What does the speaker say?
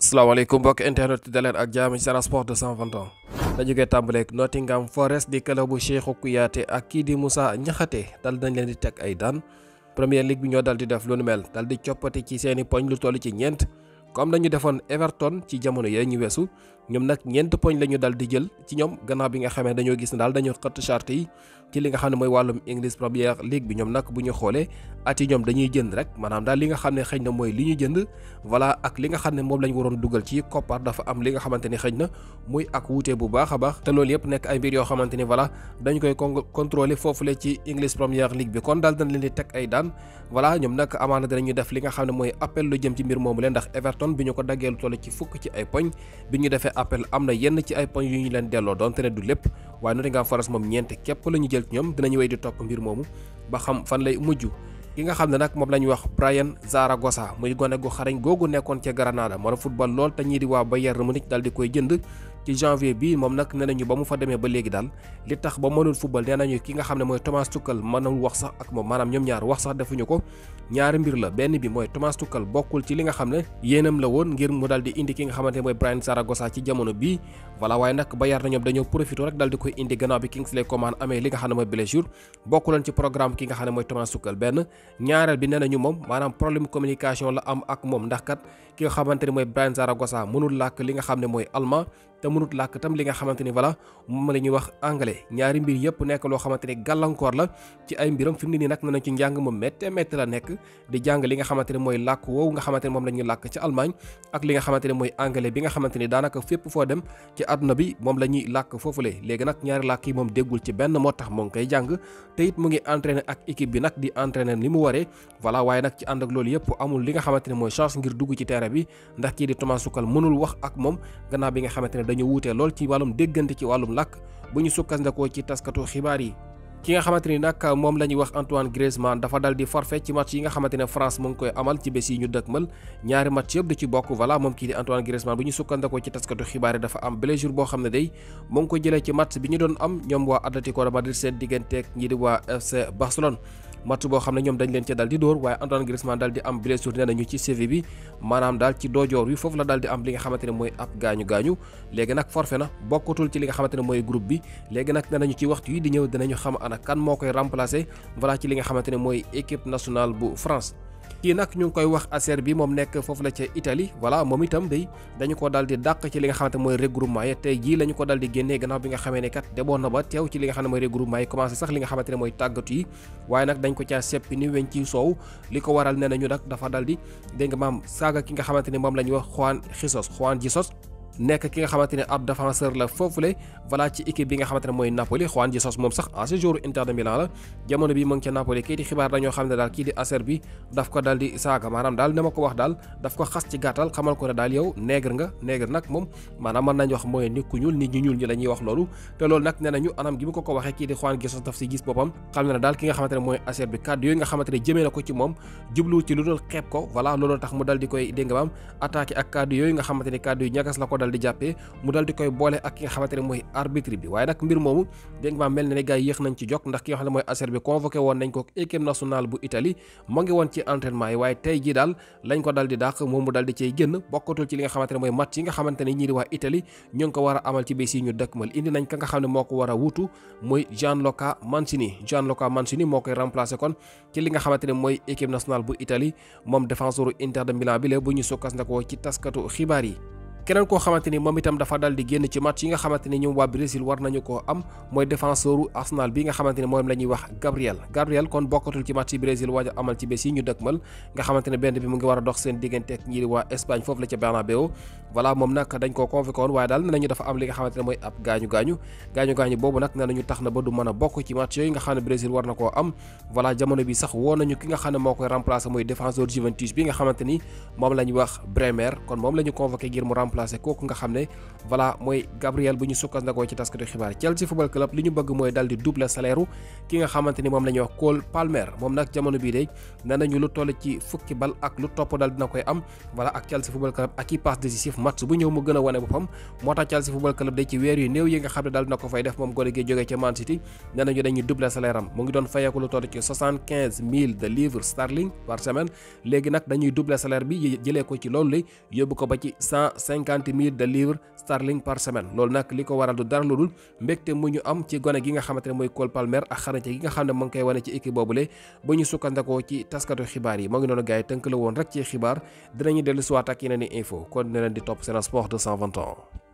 salaamaaleykum mbokk internet daleen ak jaam ci Sen Sport 221 la jógee tàmbaleeg Nottingham Forest di club bu Cheikhou Kouyaté ak kii di Moussa Niakhaté dal nañ leen di teg ay daan Premier League bi ñoo dal di def lu nu mel dal di coppati ci seeni poñ lu toll ci ñeent comme nañu defoon Everton ci jamono yee ñu weesu ñoom nag ñeent poñ la ñu dal di jël ci ñoom gannaaw bi nga xamee dañoo gis ne daal dañoo xëtt charte yi ci li nga xam ne mooy wàllum English Premier League bi bu ñu xoolee ñoom dañuy jënd maanaam daal li nga xam ne xëy na mooy li ñu jënd voilà ak li nga xam ne moom lañ waroon dugal ci koppar dafa am li nga xamante ni xëy na muy ak wuute bu baax a baax te loolu yëpp nekk ay mbir yoo xamante ni voilà dañ koy contrôler foofule ci English Premier League bi kon daal dañ leen di teg ay daan voilà ñoom nag amaana xam ne mooy appel lu jëm ci tonnes bi ñu ko daggee lu toll ci fukk ci ay poñ bi ñu defee appel am na yenn ci ay poñ yu ñu leen delloo donte ne du lépp waaye Nottingham Forest moom ñeent képp la ñu jël ci ñoom dinañu wéy di topp mbir moomu ba xam fan lay mujj. ki nga xam ne nag moom la ñuy wax Bryan Zaragoza muy gone gu xarañ googu nekkoon ca Granada moo football lool te ñii ba waa Bayern Munich dal di koy jënd. ci janvier bi moom nag nee nañu ba mu fa demee ba léegi daal li tax ba mënul football nee nañu ki nga xam ne mooy Thomas Tuchel mënul wax sax ak moom ndax kat ki nga xamante ne mooy Brahim Saragossa mënul làkk li nga xam ne mooy allemand te mënut lak tam li nga xamanteni ni mom lañu wax anglais ñaari mbir yépp nek lo xamanteni ni la ci ay mbiram fimni ni nak nañ ci jang mu metté metté la nek di jang li nga xamanteni moy lak wo nga xamanteni mom lañu lak ci Allemagne ak li nga xamanteni moy anglais bi nga xamanteni ni daanaka fo dem ci aduna bi mom lañu lak làkk foofule léegi ñaari lak yi mom déggul ci ben motax mo ngi jang te it mo ngi entraîner ak équipe bi nak di entraîner ni waré wala voilà nak ci and ak lool yépp amul li nga xamanteni moy chance ngir dugg ci terrain bi ndax ki di Thomas Tuchel mënul wax ak mom gannaaw bi nga xamanteni dañu wuute lool ci wàllum déggante ci wàllum làkk bu ñu sukkandikoo ci taskatu xibaar yi. ki nga xamante ni nag moom la ñuy wax Antoine Griezmann dafa dal di forfait ci match yi nga xamante ne France mu ngi koy amal ci bés yi ñu dëkkmal ñaari match yëpp du ci bokk voilà moom kii di Antoine Griezmann bu ñu sukkandikoo ci taskatu xibaar yi dafa am blessure boo xam ne day mu ngi ko jëlee ci match bi ñu doon am ñoom waa Atlético de Madrid seen match boo xam ne ñoom dañ leen cee dal di dóor waaye Antoine Griezmann dal di am blessure nee nañu ci CV bi maanaam daal ci doojoor wi foofu la dal di am li nga xamante ne mooy ab gaañu gaañu léegi nag forfait na bokkatul ci li nga xamante ne mooy groupe bi léegi nag nee nañu ci waxtu yi di ñëw dinañu xam ana kan moo koy remplacer voilà ci li nga xamante ne mooy équipe nationale bu France kii nag ñu ngi koy wax Acer bi moom nekk foofu la ca Italie voilà moom itam day dañu ko dal di dàq ci li nga xamante mooy regroupement yi tey jii la ñu ko dal di génnee gannaaw bi nga xamee ne kat demoon na ba teew ci li nga xam ne mooy regroupement yi commencé sax li nga xamante ne mooy tàggatu yi waaye nag dañ ko caa seppi ni weñ ci soow li ko waral nee nañu nag dafa dal di dégg nga maam saaga ki nga xamante ne moom la ñu wax Juan Jesus Juan Jesus nekk ki nga xamante ne ab défenseur la foofule voilà ci équipe bi nga xamante ne mooy Napoli Juan Jesus moom sax ancien joueur Inter Milan la jamono bi mu ca Napoli kii xibaar dañoo xam daal ki nga xamante mooy Acer bi kàddu yooyu nga xamante ne ko ci moom jublu ci lu dul xeeb ko voilà loolu tax mu dal di koy dégg maam ak kàddu yooyu nga xamante ne yu ñagas la ko dal daal di jàppee mu daal di koy bolé ak ki nga xamante ne arbitre bi waye nak mbir momu deng melni mel gaay ne nañ ci jog ndax ki nga moy bi convoqué won nañ ko équipe nationale bu Italie mo ngi won ci entraînement waye tay ji dal lañ ko daal di dàq moom mu di cay génn bokkatul ci li nga xamante moy match yi nga xamante ne di wa Italie ñu ko wara amal ci bés ñu dëkkmal indi nañ ka nga moko wara wutu mooy Gianluca Mancini Gianluca Mancini mo koy remplacer kon ci li nga xamante ne équipe nationale bu Italie mom défenseur Inter de Milan bi le bu ñu sokkas ndako ci taskatu xibaar keneen koo xamante ni moom itam dafa dal di génn ci match yi nga xamante ni ñoom waa Brésil war nañu ko am mooy défenseuru Arsenal bi nga xamante ni moom la ñuy wax Gabriel Gabriel kon bokkatul ci match yi Brésil waaj amal ci bés yi ñu dëkkmal nga xamante ne benn bi mu ngi war a dox seen diggante ak ñi waa Espagne foofu la ca Bernabeu voilà moom nag dañ ko convoqué woon waaye daal nañu dafa am li nga xamante ne mooy ab gaañu gaañu gaañu gaañu boobu nag nee nañu tax na ba du mën a bokk ci match yooyu nga xam ne Brésil war na koo am voilà jamono bi sax woo nañu ki nga xam ne moo koy remplacer mooy défenseur Juventus bi nga xamante ni moom la ñuy wax Bremer kon moom la ñu convoqué ngir mu remplacer kooku nga xam ne voilà mooy Gabriel bu ñu sukkandikoo ci taskatu xibaar Chelsea football club li ñu bëgg mooy dal double salaire ki nga xamante ni moom la ñuy wax moom nag jamono bii de nee nañu lu toll ci fukki bal ak lu topp dal dina koy am voilà ak Chelsea football club ak i passe décisif match bu ñëw mu gën a boppam moo tax Chelsea football club de ci weer yu néew yi nga xam ne dal dina ko fay def moom gone gi jógee cinquante mille de livres sterling par semaine loolu nag li ko waral du dara lu dul mbégte mu ñu am ci gone gi nga xamante ne Cole Palmer ak xarañte gi nga xam ne mu ngi koy wane ci équipe boobule ba ñu sukkandakoo ci taskatu xibaar yi moo ngi noonu gars tënk la woon rek ci xibaar dinañu dellu siwaat ak yeneen i info kon ne di topp Sen Sport 221